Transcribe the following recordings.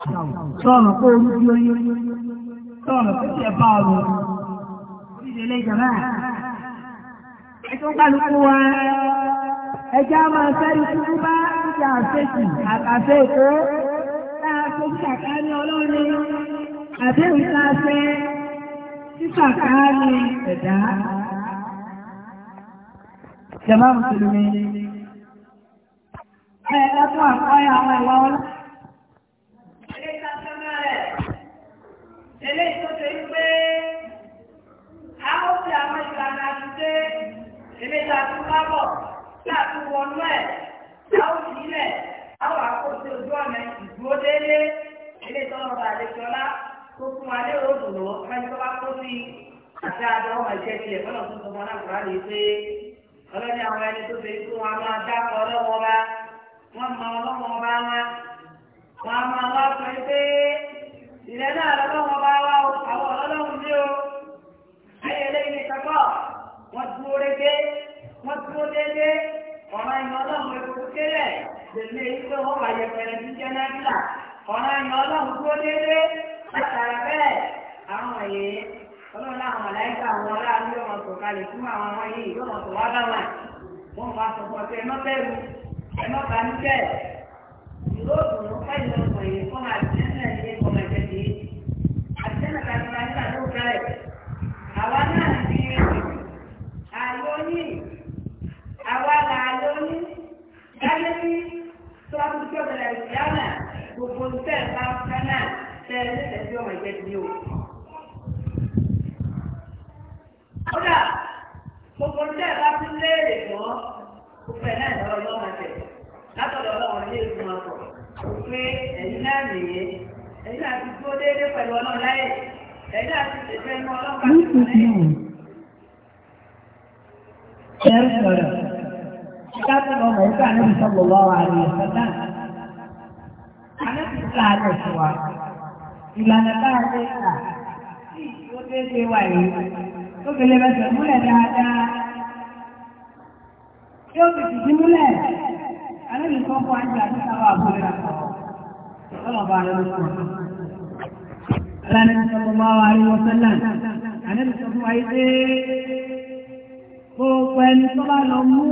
sọ̀rọ̀ pé orí bí oyé sọ̀rọ̀ pé tí ẹ bá ọ̀rọ̀ ìdílé ìjọba ẹ̀tún kálukú wa ẹjẹ́ a máa fẹ́rí kúrú bá títí àfẹ́sì àtàfẹ́ èkó láàfẹ́ ìṣàká ní ọlọ́run àbẹ́rù láàfẹ́ ìṣàká ní ẹ̀dá jẹ̀má mùsùlùmí ẹ̀ẹ́dẹ́gbọ́n àkọ́yà àwọn ìwà ọlọ́run èmi ta tún lábọ̀ tí a tún wọnú ẹ̀ a ó fi ilẹ̀ a ó àkóso ojú ọ̀nà ìdúró délé ilé tọ́lọ́ bá àlejò ọlá tó fún wa lé òòlù lọ fẹ́ni tó bá kó sí àti àjọ ọmọ ìṣe tiẹ̀ fọlọ́ tó sọ fọlá kúrò àlè pé ọlọ́ni àwọn ẹni tó fi kó wọn máa dákọ̀ ọlọ́wọ́ bá wọn mọ ọlọ́wọ́ bá wọn máa wá pé pé ìrẹ́ náà lọ́wọ́ bá wá wọ́n dúró régé wọ́n dúró dédé ọ̀rọ̀ ìyọ̀ ọlọ́run epo kéré lèlé ìgbé wọn wà yẹpẹrẹ ní jẹnẹrìlà ọ̀rọ̀ ìyọ̀ ọlọ́run dúró dédé látara bẹ́ẹ̀ àwọn èyí ọlọ́run láwọn àláìsà àwọn aráàlú yóò wọn sọ kalẹ̀ fún àwọn ọmọ yìí yóò wọn sọ wá bá wọn wọn bá sọ fún ọ pé ẹ ẹ̀jẹ̀ ni o. kódà gbogbo ní ẹ̀ bá ti léèrè mọ́ òfin náà lọ́wọ́ lọ́wọ́ àjẹ́ látọ̀dọ̀ ọlọ́run ní èdè wọn sọ pé ẹ̀yin náà nìyẹn ẹ̀yin náà ti dúró déédéé pẹ̀lú ọlọ́run láyè ẹ̀yin náà ti ṣètò ẹnu ọlọ́run bá ti sọ lẹ́yìn. Ẹ̀rù sọ̀rọ̀, ṣíkà tó lọ mọ̀ nípa àníbi sọ́gbọ̀n wọ́n wà ní ọ̀sán náà. Àníbi sọ àlọ́ ìlànà táàtẹ́ ìgbà tí ó dé ṣe wà yìí tó kèlè bẹ̀sẹ̀ múlẹ̀ dáadáa tí ó ti tìtì múlẹ̀ alẹ́bí kan fún àjọ àti sáwọ́ àbúrò ìràpọ̀ ọlọ́ba alẹ́bí kan. Alẹ́bí sọ̀rọ̀ máa wà ní wọ́sẹ́lẹ̀. Alẹ́bí sọ̀rọ̀ wáyé pé gbogbo ẹni tó bá lọ mú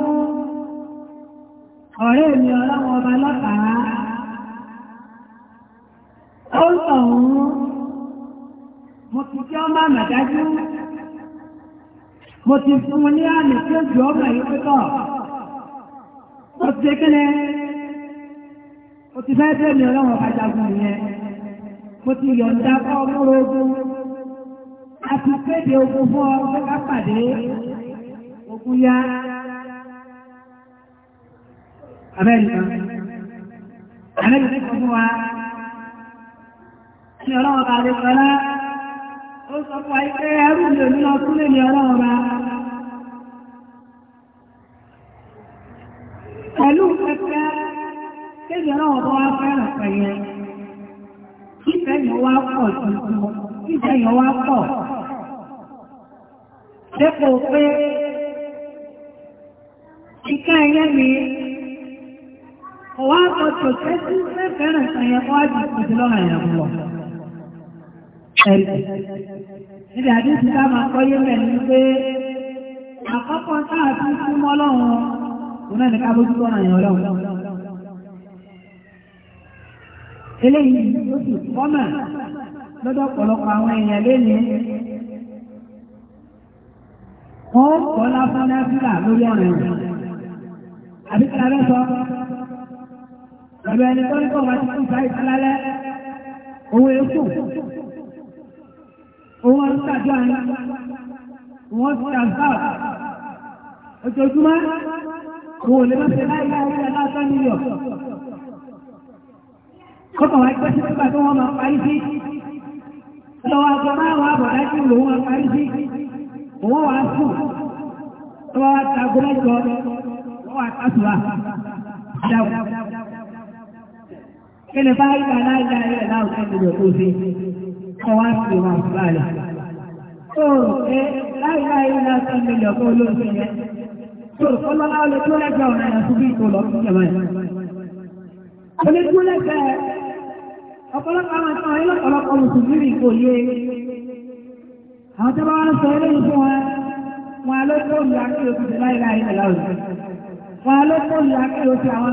ọ̀rẹ́ mi ọlọ́wọ́ ọba lọ́tàá ó mo ti fún un ní àmì tí ó jù ọmọ yìí pẹ́tọ̀ ó ti ṣe kíni ó ti fẹ́ bẹ́ẹ̀ mi ọlọ́run ọba jagun mo ti yọ̀ǹda fọ́ ọmọrò ogun a ti kéde ogun fún ọ pé ká pàdé ogun yá abẹ́rẹ́ kan àlẹ́ yìí fún wa ní ọlọ́wọ́ bá lè kọ́lá ó sọ fún wa pé ẹrú mi ò lọ kúlé ní ọlọ́wọ́ bá pẹ̀lú pẹpẹ kéde ọlọ́wọ́ bá wá fẹ́ràn pẹ̀yẹ ìfẹ́ yẹn wá pọ̀ tuntun ìfẹ́ yẹn wá pọ̀ dépò pé ìka ẹ̀yẹ mi ọwọ́ àpọ̀ tòṣẹ́ sí fẹ́ ẹ̀rí. Níbi àdúgbò bá máa kọ́ yé mẹ́ ní pé àkọ́kọ́ táà tún fún mọ́lọ́run òun náà ní ká bójú tọ́nà yẹn ọlọ́run. Eléyìí ló sì kọ́mà lọ́dọ̀ ọ̀pọ̀lọpọ̀ àwọn èèyàn lénìí. Wọ́n kọ́ láfún lórí ọ̀rọ̀ ẹ̀rọ. Àbí kí lálẹ́ sọ, ìbẹ̀rẹ̀ tó ń kọ́ wá sí ìgbà ìsálálẹ́, owó èkó wọ́n tàjá wọ́n tàjá ojoojúmọ́ wọn ò lè máa tẹ̀lá ìyá orí nílò kọ́kọ̀ wá gbé sípípà tó wọ́n máa parí sí lọ́wọ́ agbọ́ máa wà bọ̀dá sí ìlú wọn parí sí wọ́n wá sùn lọ́wọ́ wá tàgbó wọ́n wá tàṣùwà dáwọ̀ bá ìgbà láìláì rẹ̀ láwùjọ kọ́ wá sí wọn àbúrálẹ̀. Ó rò pé láìláì lásán mi lọ́gbọ́ olóògbé yẹn. Tó rò kọ́ lọ́lá olè tó lẹ́gbẹ̀ẹ́ ọ̀rọ̀ ẹ̀yà tó bí ìtò lọ fún ìjọba yẹn. Olè tó lẹ́gbẹ̀ẹ́ ọ̀pọ̀lọpọ̀ àwọn ẹ̀ka ọ̀rẹ́ lọ́pọ̀lọpọ̀ mùsùlùmí kò yé. Àwọn tó bá wá sọ eléyìí fún wọn, wọn ló tó lu akéwòsì láìláì lọ́wọ́. Wọn ló tó lu akéwòsì àwọn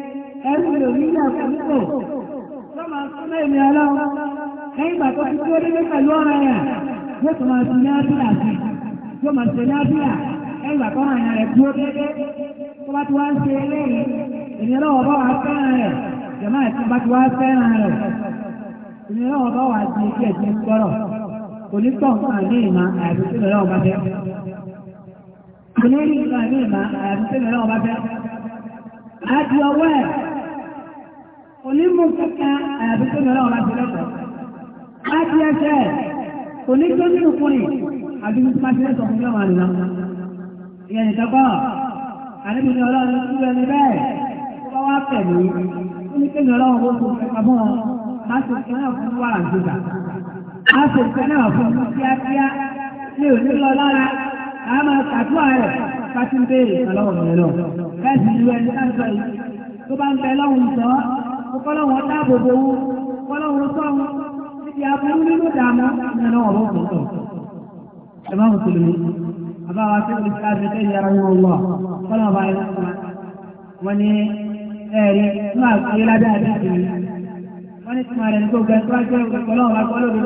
ẹrù lòrí náà fún pọ̀ lọ́mà súnmọ́ èmi ọlọ́run lẹ́yìn ìgbà tó ti kú onílé pẹ̀lú ọ̀rọ̀ ẹ̀yà yóò tó máa sùn ní ábíyà sí yóò máa sùn ní ábíyà lẹ́yìn ìgbà tó ràn rẹ̀ dúró dédé tó bá ti wá ń ṣe eléyìí ènìyàn náà wọ́n bá wà fẹ́ràn rẹ̀ jẹ̀má ẹ̀sìn bá ti wá fẹ́ràn rẹ̀ ènìyàn ọwọ́ ẹ̀ onímọ̀ kankan àyàfi tó mẹ́rẹ̀ ọ̀la ti lẹ́kọ̀ọ́. láti ẹsẹ̀ oníjọ́ nínú kùnrin àbí mo ti máa ti lẹ́sọ̀ fún yọ̀wọ̀ àná. ìyẹn nìkan kọ́ àníbi ni ọlọ́run ti rẹ̀ ní bẹ́ẹ̀ tó wá pẹ̀lú ó ní kéde ọlọ́run ó tó fẹ́ pamọ́ má ṣe fẹ́ náà fún wàrà gbígbà má ṣe fẹ́ náà fún kíákíá ní òní lọ lára a máa ṣàtúwà rẹ̀ pátí ń béèrè ọlọ́run rẹ̀ lọ. bẹ́ẹ̀ sì ni ẹni tó bá ń bẹ lọ́hùn-ún sọ ọkọ́lọ́wọ́n dáàbòbò wọn ọkọ́lọ́wọ́n sọ wọn níbi aburú nínú ìdààmú ìdáná ọ̀rọ̀ ọ̀tọ̀ ẹ̀bá mùsùlùmí àbáwá tí ó ti láti tẹ́lẹ̀ ara wọn wọ̀ ọkọ́lọ́wọ́n bá yẹ wọn ni ẹ̀rí máa fi lábẹ́ àdéhùn yìí wọ́n ní tìmọ̀ rẹ̀ ní gbogbo ẹ̀ tó wájú ọkọ́lọ́wọ́n bá kọ́lọ́wọ́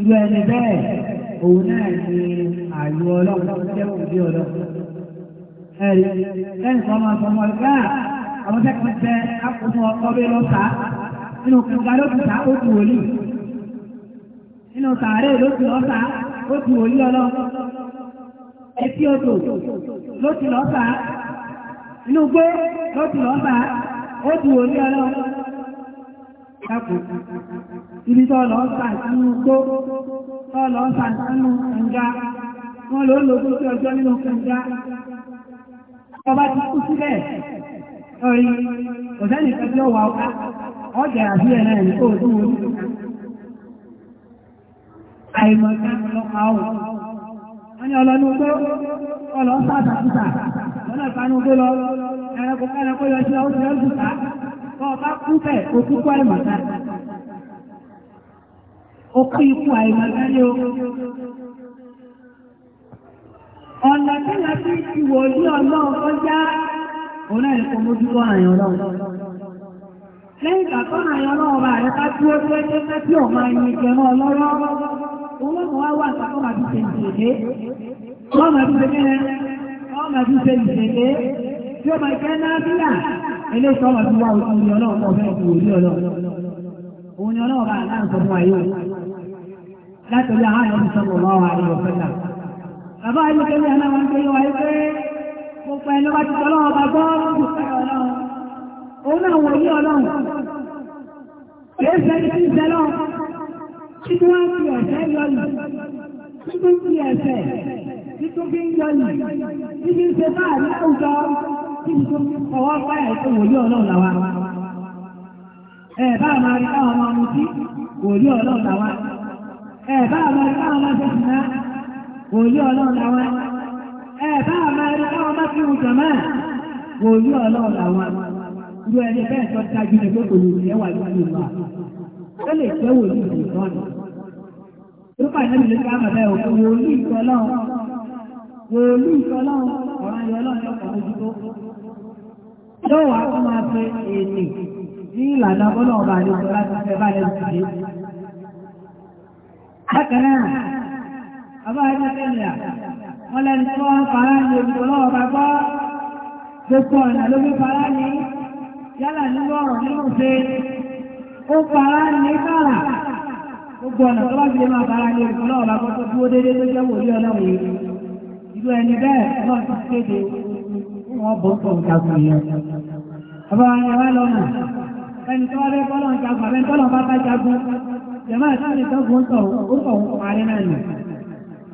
irú ẹni bẹ́ẹ̀ òun náà ní àyù ọlọ́run tó jẹ́ àwọn tẹ́kọ̀ jẹ́ akọ̀tún ọkọ̀ bí lọ sá nínú kùnkà ló ti sá ó ti wòlí nínú sàárè ló ti lọ sá ó ti wòlí ọlọ́ etí odò ló ti lọ sá inú gbé ló ti lọ sá ó ti wòlí ọlọ́ ibi tó lọ sá sínú gbó tó lọ sá sínú kànga wọn ló lò ó tó ọjọ́ nínú kànga ọba ti kú síbẹ̀. Orí, ọ̀sẹ́ni kan tí ó wà ọ̀ká, ọjà àbí ẹ̀rẹ́ ẹ̀rí kò tún orí ìka. Àìmọ̀ká lọ́pàá ò. Wọ́n ní ọlọ́nu pé ọlọ́ sàtàkùtà, lọ́nà ìpanú pé lọ, ẹranko kẹ́ranko yọ sí ọ́sẹ̀ ọ́sùtà, kọ́ ọba kú bẹ̀ òkú kú àìmọ̀ká. Ó kú ikú àìmọ̀ká ní o ọ̀nà tí wọ́n fi ti wò ní já òun náà kò mójú tó bá rẹ̀ bá tó ẹgbẹ́ tí ò máa yin ìjẹ̀mọ́ ọlọ́rọ́ òun wá wà nípa kọ́mà bí ṣe ìṣèlé kọ́mà bí ṣe kẹ́rẹ́ kọ́mà bí ṣe ìṣèlé tí ó máa jẹ́ nábílà eléyìí ọmọ tí wà òun ni ọlọ́run kọ́ bẹ́ẹ̀ kò rí ọlọ́run òun ni ọlọ́run bá aláǹsọ fún ayé látọ̀lé àwọn àyọ̀ gbogbo ẹni bá ti tọ́lọ́ ọba gbọ́ òun náà wòye ọlọ́run èé sẹ́ni tí ń sẹ́lọ́ títí wọ́n fi ẹ̀sẹ̀ yọlù títí fi ẹ̀sẹ̀ títí ń yọlù títí ṣe báà ní àwùjọ títí tó ọwọ́ páyà ètò ẹ̀bá àmàrí káwọn bá fi hùjọ máa wò ní ọlọ́ọ̀lọ́ àwọn irú ẹni bẹ́ẹ̀ tó tajú ní pé kò lè ní ẹwà ní ìlú wa lè jẹ́ wò ní ìlú ìtọ́nà orúkọ ìnáwó lè ká bàbá ẹ̀ òkú wò ní ìtọ́lọ́ wò ní ìtọ́lọ́ ọ̀rọ̀ ayọ̀ ọlọ́ọ̀lọ́ ọ̀rọ̀ ojúbó yóò wá kó máa fẹ́ èlé ní ìlànà ọlọ́ọ̀bà ní ìjọba tó fẹ́ báyẹ̀ lùdìdé bákan náà àbá ẹgbẹ́ wọ́n lẹ́nu tí wọ́n ń fara ní olùkọ́ lọ́wọ́ bá gbọ́ gbogbo ọ̀nà ló fi fara ní yálà nínú ọ̀rọ̀ nínú ṣe ó fara ní kára gbogbo ọ̀nà tó bá fi lè máa fara ní olùkọ́ lọ́wọ́ bá gbọ́ tó dúró déédéé tó jẹ́ wòlíì ọlọ́run yìí ìlú ẹni bẹ́ẹ̀ náà ti kéde wọ́n bọ́ pọ̀ ìjagun yẹn ọba wọn wá lọ́nà ẹni tó wá bẹ́ẹ̀ kọ́ lọ́n jagun àbẹ́ńtọ́lọ́ bá bá jagun jẹ̀máà sáré tó gùn tọ̀ ó kọ̀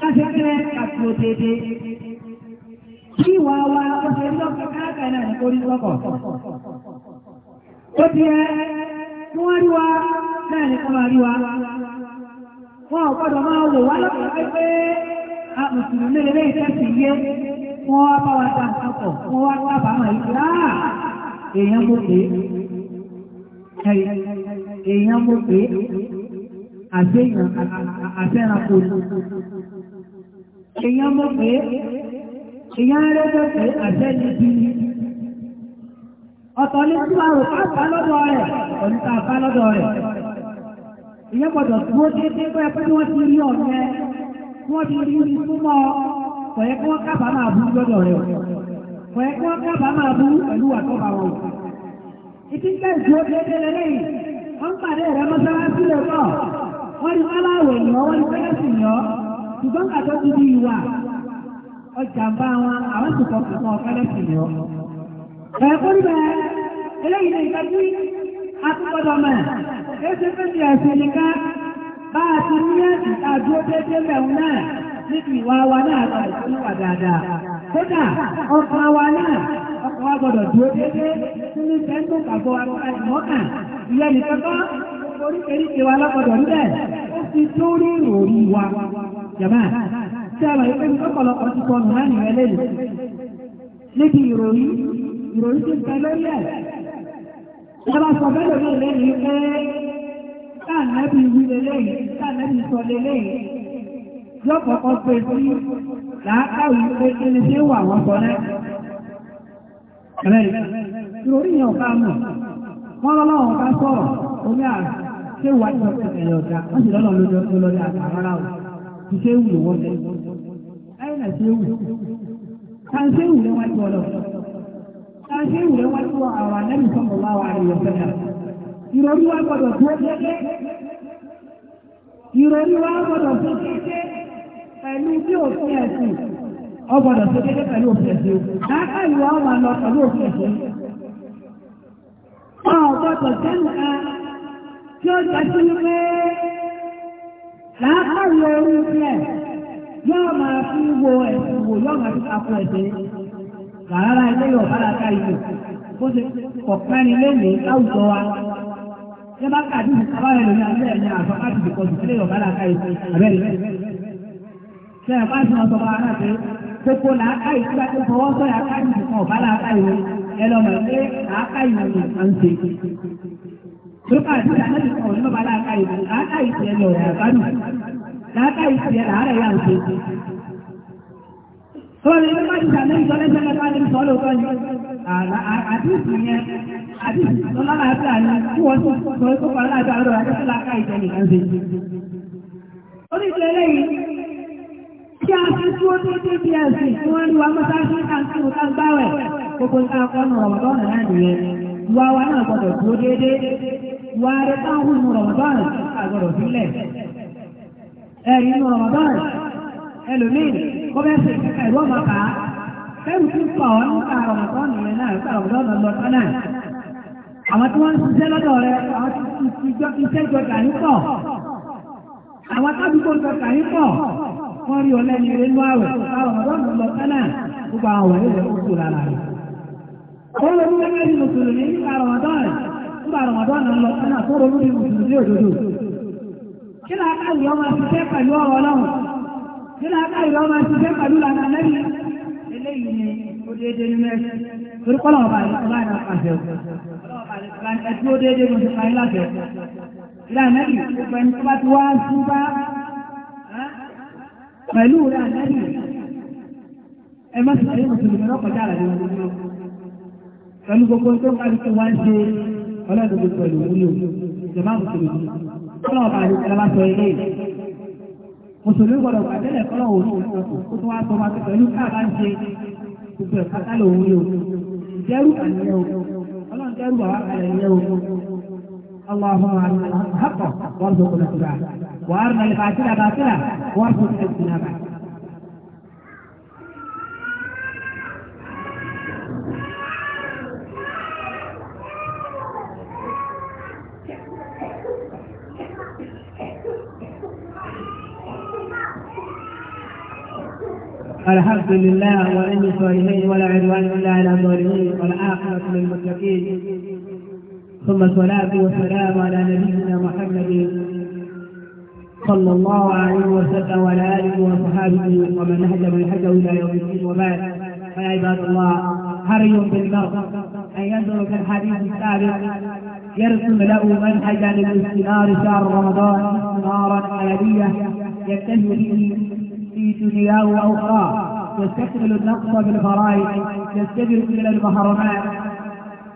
káṣẹ́fẹ́ àti òtètè kí wà wá ọ̀sẹ̀ lọ́pọ̀ káàkà náà ní orí lọ́pọ̀ ó ti ẹ́ kí wọ́n rí wa náà ní kọ́ máa rí wa wọn ò gbọ́dọ̀ máa wò wá lọ́pọ̀ pé a mùsùlùmí lélẹ́ ìtẹ́sì yé èèyàn mú pé èèyàn mú àṣẹ́ràn kò èyàn mọ̀ pé èyàn rẹ́jọ́ pé àṣẹ́lì bí i ọ̀tọ̀ ní túnbàrò pàápàá lọ́dọ̀ rẹ̀ ọ̀nìta àpá lọ́dọ̀ rẹ̀ ìyẹn gbọ́dọ̀ dúró déédéé pé pé wọ́n ti rí ọ̀rẹ́ wọ́n ti rí ní súnmọ́ kọ̀yẹ́ kí wọ́n kábà máa bú lọ́dọ̀ rẹ̀ kọ̀yẹ́ kí wọ́n kábà máa bú pẹ̀lú àtọ́bà wọn ìdí jẹ́ ìdúró déédéé lẹ́yìn wọ́n pàdé rẹ̀ mọ́sálásí lẹ́kọ̀ọ́ wọ́n ní aláwẹ̀ yàn wọ́n ní fẹ́ẹ́ sì ṣùgbọ́n àtọ́ ti di ìwà ọjà ń bá wọn àwọn sì kọ̀ọ̀kan kan ọ̀kadà sì yọ. ẹ̀kọ́ níbẹ̀ eléyìí ni ìtọ́jú akúgbọ́dọ̀ mọ̀ èsì fẹ́mi ẹ̀sìn nìkan bá a ti ní ẹ̀sìn àdúró déédéé mẹ́rin náà níbi ìwà wa náà lọ ìfúnwà dáadáa. kódà ọkàn wa náà ọkàn wa gbọ́dọ̀ dúró déédéé nínú sẹ́ńtò pàgọ́ àìmọ́kàn ìyẹn nìkan kọ́ oríkèéríkèé wa lọ́gbọ́dọ̀ jàmáà tí a bàyẹ̀ pé ọ̀pọ̀lọpọ̀ ti sọ nù láàrin rẹ̀ lẹ́yìn níbi ìròyìn ìròyìn ti bẹ lórí ẹ̀ wọ́n bá sọ bẹ́ẹ̀ lórí lẹ́yìn pé káànábì wí lélẹ́yìn káànábì sọ lélẹ́yìn yóò kọ́kọ́ pé e sí làákàwí pé kí ni ṣé wà wọ́n sọ náà rẹ̀ ìròyìn yẹn ọ̀ká mọ̀ wọ́n lọ́wọ́ bá sọ̀rọ̀ omi àṣẹwà ìjọba ẹ̀yọ̀dá wọ́n sì lọ́lọ́ lójú ọjọ́ lórí àtàrà rà ṣe wù lówó lẹ ẹyìn àti ewu kàṣẹ wù lẹ wájú ọlọ kàṣẹ wù lẹ wájú àwọn anẹbí sọmọ wà wà ní ọ̀sẹ̀ náà ìrọ̀lú wa gbọ́dọ̀ tó kẹkẹ ìrọ̀lú wa gbọ́dọ̀ tó kẹkẹ pẹ̀lú bí òfin ẹ̀sìn ọgbọ́dọ̀ tó kẹkẹ pẹ̀lú òfin ẹ̀sìn láàkà ìwà ọmọ lọ pẹ̀lú òfin ẹ̀sìn ọgbọ́dọ̀ tẹnu ẹ tí ó jẹ sí wípé. a orí ilẹ̀ yóò ya fi wo ẹ̀sìn wò ya máa fi kakọ ẹ̀sìn rárá ilé yóò bá làákà yìí bó ṣe kọ̀pẹ́rin lónìí láwùjọ wa ṣé bá kàdí ìsàbáyé lónìí àti ẹ̀yìn àfọ láti dìkọ̀ jù ilé yóò bá làákà yìí abẹ́rẹ́ ṣe ẹ̀fá sí ọ̀sọ̀ lókà àti àlejò kan ní bàbá láàká ìlú láàká ìsì ẹ̀ lọ̀rọ̀ àbánù láàká ìsì ẹ̀ làárẹ̀ yà òde. Sọ̀rọ̀ ní bá ti sàlẹ̀ ìjọ lẹ́sẹ̀ lẹ́sẹ̀ lẹ́sẹ̀ sọ lóòótọ́ ni. Àdìsí yẹn àdìsí tó lára àti àná tí wọ́n ti sọ pé kópa láàbí àlọ́ àti láàká ìjọ nìkan ṣe. Ó ní ìṣe eléyìí kí a fi tí ó tó dé bí ẹ̀sìn tí wọ́n ń lu amọ́sáṣí àti òkàgbáwẹ̀ gbogbo nǹkan akọ́nù ọ̀rọ̀ lọ́rùn náà ìwà rẹ̀ táwọn inú Ramadan àgbọ̀dọ̀ sílẹ̀ ẹ̀rí inú Ramadan ẹlòmíì kọ́mẹ́sì ẹ̀rọ màkà ẹ̀rù tún pọ̀ nípa Ramadan yẹn náà nípa Ramadan lọ sọ́nà àwọn tí wọ́n ń ṣiṣẹ́ lọ́dọ̀ rẹ̀ àwọn tí iṣẹ́ ìjọba yìí pọ̀ àwọn tábìkò ìjọba yìí pọ̀ wọ́n rí ọlẹ́ni eré nú àwẹ̀ Ramadan lọ sọ́nà gbogbo àwọn ọ̀rẹ́ rẹ̀ kó kó lára rẹ̀. ó lọ bí wọ́n nígbà Ramadan ń lọ ẹ̀nà tó ní mùsùlùmí òdodo. kí ni akáyì ọmọ ṣiṣẹ́ pẹ̀lú ọ̀rọ̀ ọlọ́run kí ni akáyì ọmọ ṣiṣẹ́ pẹ̀lú lànà lẹ́yìn eléyìí ni ó déédéé nínú ẹ̀sìn torí kọ́lọ̀ ìlànà ọlọ́dún gbogbo ẹ̀lú wúlò ìjọba mùsùlùmí kọ́lọ̀ ọba àti ìjọba sọ ilé mùsùlùmí gbọ́dọ̀ pàtẹ́lẹ̀ kọ́lọ̀ òun kó tó wá sọ ma ti pẹ̀lú káàbá ń ṣe gbogbo ẹ̀ pátálò òun lò ìjẹ́rù àníyẹ o ọlọ́run jẹ́rù àwọn àkàlẹ̀ ìyẹ o اللهم ارنا الحق وارزقنا اتباعه وارنا الباطل باطلا وارزقنا اجتنابه الحمد لله وإن صالحين ولا عدوان إلا على الظالمين والعاقبة للمتقين ثم الصلاة والسلام على نبينا محمد صلى الله عليه وسلم وعلى آله وصحابه ومن نهج حج إلى يوم الدين وبعد فيا عباد الله حري بالمرء أن يدرك الحديث السابق يرسم له منهجا للاستنار شهر رمضان استنارا أبدية يتجه به في دنياه واخراه يستكمل النقص بالفرائض يستدرك من المحرمات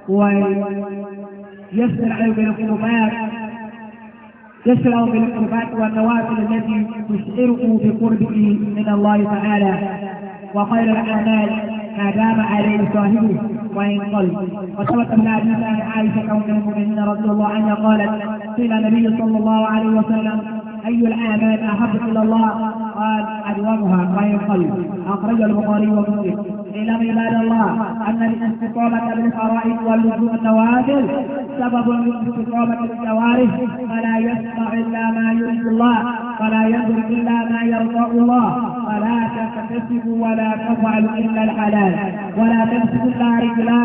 ويسرع بالقربات يسرع بالقربات والنوافل التي تشعره بقربه من الله تعالى وخير الاعمال ما دام عليه صاحبه وان قل وثبت من حديث عن عائشه ام المؤمنين رضي الله عنها قالت قيل النبي صلى الله عليه وسلم اي الاعمال احب القلب أخرج البخاري ومسلم اعلم عباد الله أن الاستقامة بالفرائض واللزوم النوافل سبب من استقامة الجوارح فلا يسمع إلا ما يريد الله فلا يدري إلا ما يرضى الله فلا تكتسب ولا تفعل إلا الحلال ولا تمسك إلا رجلا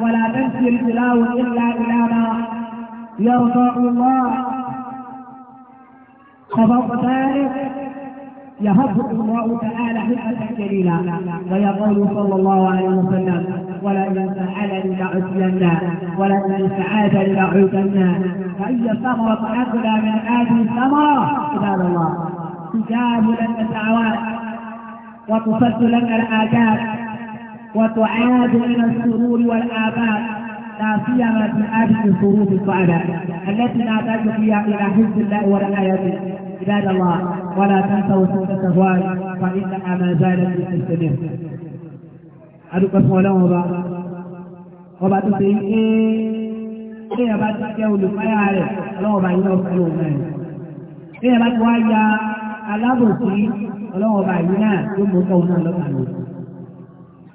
ولا تمسك رجلا إلا إلى ما يرضى الله خبر ذلك يهب الله تعالى حكمة جليلة ويقول صلى الله عليه وسلم ولئن فعلني لعصين ولئن استعاذني لعودن فإن ثمرة أغلى من هذه الثمرة عباد الله تجاب لنا الدعوات وتصد لنا الآداب وتعاد من السرور والآباء لا سيما في هذه الظروف الصعبة التي لا تجد فيها إلى حفظ الله ورعايته عباد الله ولا تنسوا سنة الزواج فإنها ما زالت تستمر adúpẹ́ fún ọlọ́run ọba ọba tó ṣe ké kéèyàn bá ti jẹ́ olùpáyà rẹ̀ ọlọ́run ọba yìí náà fún òun rẹ̀ kéèyàn bá ti wá ya alábòsí ọlọ́run ọba yìí náà yóò mú ọkọ̀ òun náà lọ́kàn lọ́kàn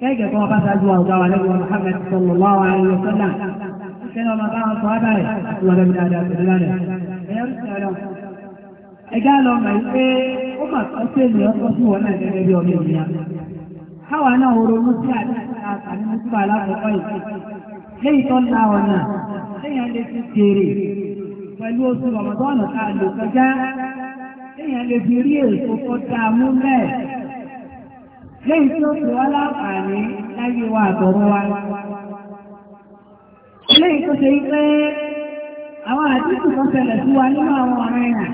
gẹ́gẹ́ kọ́ bá ṣáájú àwùjọ wa lẹ́gbẹ̀ẹ́ Muhammad sallallahu alaihi wa sallam ṣe lọ́mọ bá wọn sọ ábàrẹ̀ àti wọn lẹ́bi dáadáa pẹ̀lú lálẹ́ ẹ̀gá lọ mọ̀ yí pé ó mà kọ́ sí èlé ọkọ̀ sí wọn náà gẹ́gẹ́ bí ọmọ ènìyàn káwa náà wo ronú sí àtàkùn nípa mú mẹ́ẹ̀ léyìí tí wá láǹfààní láyé wa àtọ̀rọ̀ wa. léyìí tó ṣe yí àwọn àtìkù kan ṣẹlẹ̀ sí wa nínú àwọn ọ̀rẹ́ rẹ̀.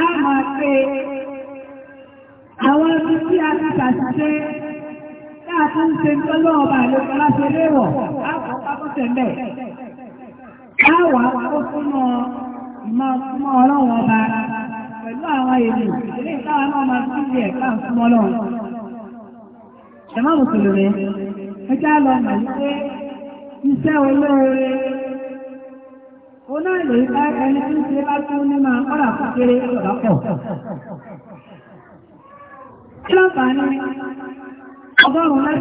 a máa pe àwọn tí a ti ṣàṣìṣe náà tó ọba àlejò aláṣẹ léwọ̀ láàbọ̀ pápọ́sẹ̀ mẹ́. káwàá kó súnmọ́ ọlọ́run ọba pẹ̀lú àwọn èèyàn ẹ̀mọ́ mùsùlùmí ẹjá lọ mọ̀ iṣẹ́ olóore onáìlè ìfẹ́ ẹni tí ń ṣe bá tún ní máa kọ́là kékeré ọ̀dọ́ kí ló fà ní ọgọ́rùn-ún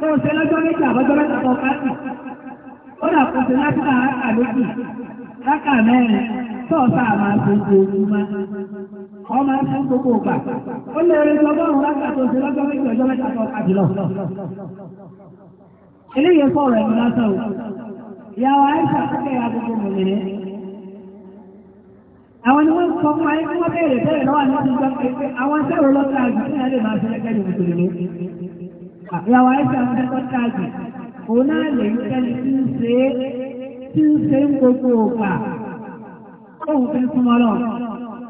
tó ṣe lọ́jọ́ méjì àbọ́jọ́ mẹ́ta ọmọ ẹ̀fọ́ gbogbo ọgbà ó lè rí ọgọ́rùn-ún lágbàtọ̀ sí lọ́jọ́ méjì ọjọ́ mẹ́ta tó kájì lọ. eléyìí sọ̀rọ̀ ẹ̀mí lásán o ìyàwó àìsàn àkókò ìyá gbogbo mòmìnir àwọn ni wọ́n sọ fún ayé kí wọ́n béèrè bẹ́ẹ̀ lọ́wọ́ àwọn ti jọ pé àwọn sẹ́rò lọ́ta àjù tí wọ́n lè máa fi ẹgbẹ́ ìwé tòlè lé. ìyàwó àìsàn ń tẹ́kọ̀ táàgì òun náà lè ń tẹ́lẹ̀ tí ń ṣe é tí ń ṣe ń gbogbo ògbà. ó ń fi súnmọ́ lọ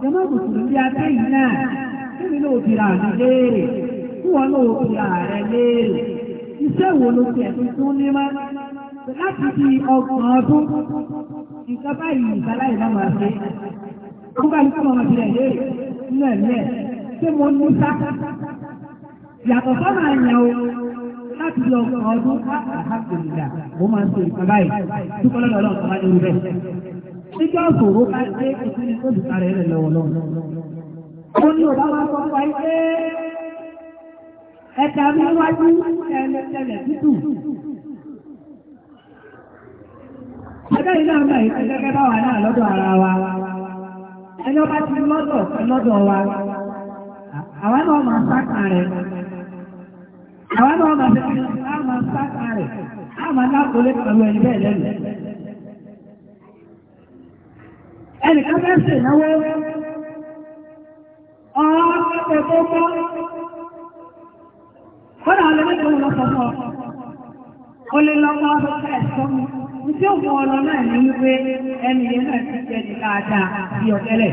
jọmọ́ ìbùkún ní abẹ́yìn náà níbi náà òbí rà mí léèrè fún wọn náà òbí rà rẹ léèrè iṣẹ́ wo ló ti ẹ̀sìn tún ní mọ́ láti fi ọgbọ̀n ọdún nǹkan báyìí ìbáláyé náà máa ṣe wọ́n bá ní kí wọ́n máa fi rẹ̀ léèrè nínú ẹ̀mí ẹ̀ ṣé mo ní sá yàtọ̀ sọ́nà àyàn o láti lọ ọdún alhamdulillah mo máa ń ṣe ìkan báyìí dúpọ́ lọ́dọ̀ ọlọ́run tó máa ń rú bẹ́ẹ̀. Nígbà òṣòro ká Ẹgbẹ́ yìí náà mọ̀ bá wà náà lọ́dọ̀ ara wa. Ẹni ọba ti lọ́dọ̀ lọ́dọ̀ wa. sáka rẹ̀. sáka rẹ̀. Àmà náà kò lè pẹ̀lú ẹni bẹ́ẹ̀ ẹnì kan fẹ́ ṣe ìnáwó ọ̀rọ̀ ẹ̀kọ́ tó kọ́ kọ́nà àwọn ẹlẹ́gbẹ̀ẹ́ wọn lọ́sọ̀ fún ọ ó lé lọ́pọ̀ ọ̀sọ̀ ẹ̀sọ́ mi ní tí ó fún ọ lọ náà ní wípé ẹnì yẹn náà ti jẹ́ ní dáadáa bí ọ̀tẹ́lẹ̀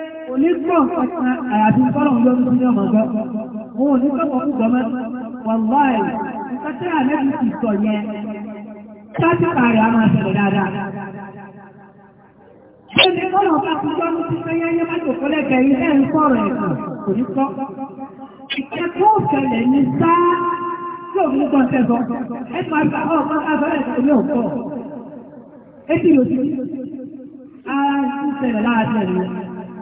kò ní gbọ́n kankan àyàfi fọ́lọ̀ ọjọ́ tó ní ọmọ gbọ́. Òun ò ní gbọ́n kọkú gbọ́mọ́. Wàláì, kátà àlejò ti sọ yẹn. Káàtì parí a máa ṣẹlẹ̀ dáadáa. Ṣé ní fọ́lọ̀ ọ̀ká ti gbọ́ ní títẹ́ yẹ́yẹ́ má jòkó lẹ́kẹ̀ẹ́ ilé ń sọ̀rọ̀ ẹ̀sìn kò ní kọ́. Ìkẹ́kọ̀ọ́ òṣẹlẹ̀ ní sáà tí òun ní gbọ́n tẹ́ sọ. Ẹ máa gbà ọ́ ọ̀gá àgbẹ̀rẹ̀ ìṣẹ̀lẹ̀ òkọ̀. Etí lòdì. Ara ń ṣẹlẹ̀ láàárín ẹ̀yìn.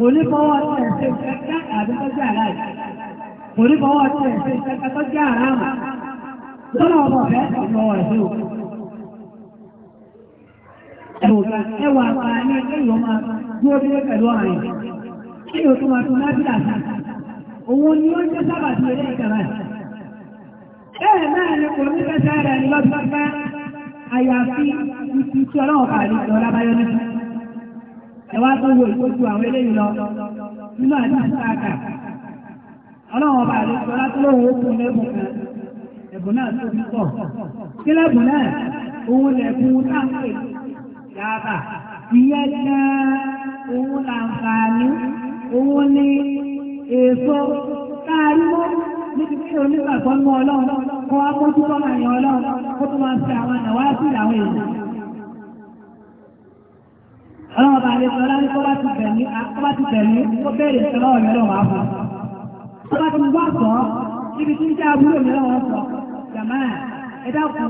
kò ní ni kò ní fẹ́ sáré ẹni lọ́dún bá àyàfi ìfi tí ọlọ́run pàdé ìjọ ẹwà tó wo ìkójú àwọn eléyìí lọ nínú àti ìsáàkà ọlọ́wọ́n bá lè sọ láti lóhùn ó lẹ́bùn kan ẹ̀bùn náà tó fi pọ̀ kí lẹ́bùn náà òun lẹ̀kùn táwọn èdè ìyẹn jẹ́ òun làǹfààní òun ní èso káàrí mọ́ níbi tí onígbàgbọ́ mọ́ ọlọ́run kọ́ akójú bọ́ màyàn ọlọ́run kó tó máa ń fi àwọn àwáṣí àwọn èèyàn Àwọn ọba àlejò ọlá ní kọ́ bá ti tẹ̀lé, kọ́ bá ti tẹ̀lé, ó bẹ̀rẹ̀ ìṣẹ́lọ́ ọ̀yọ́ lọ́wọ́ àbò. Kọ́ bá ti wá sọ, ibi tí ń jẹ́ abúlé mi lọ́wọ́ sọ, jàmáà, ẹ dákun,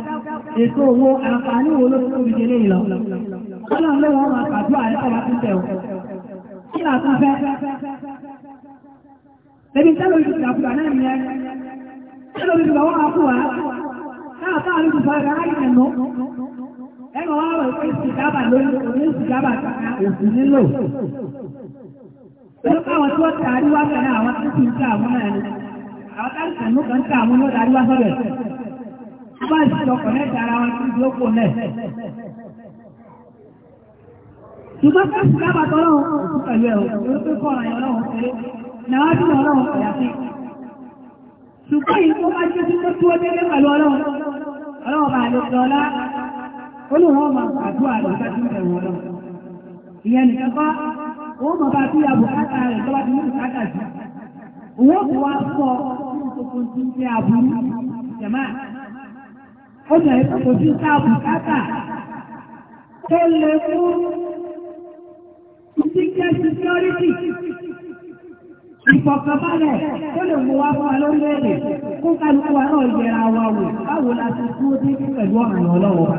èso owó àǹfààní wo ló ti tóbi délé ìlọ. Ọlọ́run ló wọ́n máa pàdúrà ẹ̀ kọ́ bá ti tẹ̀ o. Kí là tún fẹ́? Bẹ̀bí tẹ́lẹ̀ ojú ti àbúrò náà ni ẹ. Tẹ́lẹ̀ ojú ti bàwọ́ àkúwà, náà fáà ló ti bá ẹnu wọn rò pé sìgábà lórí orí sìgábà nílò. Pẹ̀lú káwọn tí wọ́n tàrí wá fẹ́ràn àwọn tó ń tẹ àwọn náà Àwọn táyì sẹ̀mú kan tẹ àwọn ló darí wá sọ́dọ̀ Wọ́n bá ìṣòro kọ̀ọ̀lẹ́ dára wọn kí ìdí ó kò lẹ̀. Ṣùgbọ́n fún sìgábà tọ́lọ́ òkú pẹ̀lú ẹ̀ òkú pé kọ́ra ẹ̀ ọlọ́run ṣeré. Nàwọn tí ọlọ́run kọ̀ yàtí. Ṣùgbọ́n ìfowópamọ́ tó tó délé pẹ̀lú ọlọ́run. Ọlọ́run bá olú wọn máa àdúrà rẹ̀ dájú ẹ̀rọ ọ̀dọ́ ìyẹn nìkan bá wọn máa bá bíyà bùkátà rẹ̀ tó bá ti ní bùkátà sí owó kò wá sọ tuntun tí ń jẹ àbúrú jẹ̀má ó jẹ́ kò sí ká bùkátà tó lè fún ti jẹ́ security ìfọ̀kànbalẹ̀ tó lè mú wa fún wa lórílẹ̀ kó kálukú wa náà yẹra wa wò báwo la ti dúró dé pẹ̀lú ọ̀ràn ọlọ́wọ́ wa.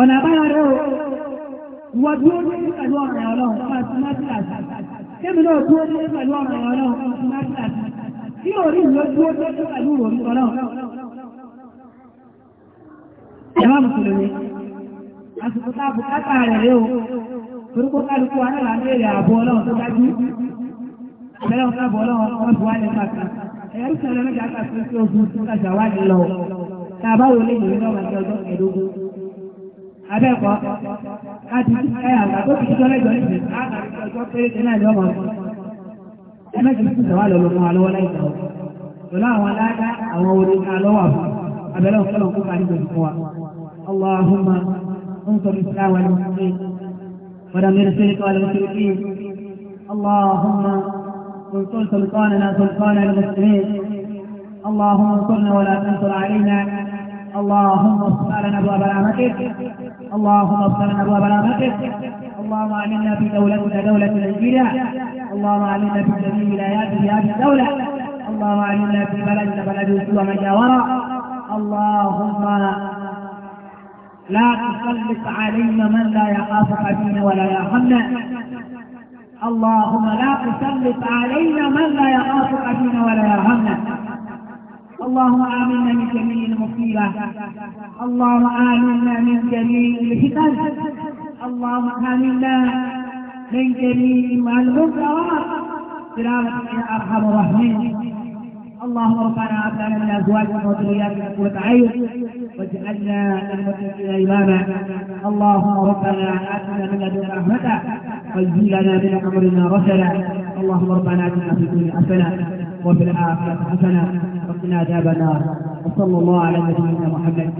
ọ̀nà àbára rẹ̀ o wọ́n dúró ní pẹ̀lú ọ̀rọ̀ ọlọ́run fún àtúnmáṣíláṣí kébì náà dúró ní pẹ̀lú ọ̀rọ̀ ọlọ́run fún àtúnmáṣíláṣí tí orí ìlú dúró ní pẹ̀lú òrí ọlọ́run. ẹ̀rọ mùsùlùmí àsìkò tá a bùkátà rẹ̀ rẹ̀ o torúkọ kálukú aná là ń bèèrè ààbò ọlọ́run tó dájú ìbẹ̀rẹ̀ ọ̀sán اللهم انصر الاسلام والمسلمين ودمر الشرك والمشركين اللهم انصر سلطاننا سلطان المسلمين اللهم انصرنا ولا تنصر علينا اللهم اصلح لنا باب رحمتك اللهم اغفر ابواب رحمتك اللهم امنا في دولتنا دوله الأنبياء اللهم امنا في الذي ولاياته هذه الدوله اللهم امنا في بلدنا بلد سوى من جاورا اللهم لا تسلط علينا من لا يخافك فينا ولا يرحمنا اللهم لا تسلط علينا من لا يخافك فينا ولا يرحمنا اللهم آمنا من جميع المصيبة اللهم آمنا من جميع الفتن اللهم آمنا من جميع المنكرات برحمتك يا أرحم الراحمين اللهم ربنا اتنا من ازواجنا وذرياتنا قوة عين واجعلنا للمتقين اماما اللهم ربنا اتنا من لدنك رحمة واجعلنا لنا من امرنا رشدا اللهم ربنا اتنا في كل أسلا وفي الآخرة حسنة وقنا عذاب النار وصلى الله على نبينا محمد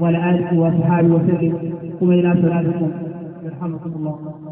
وعلى آله وصحبه وسلم ومن الناس يرحمكم الله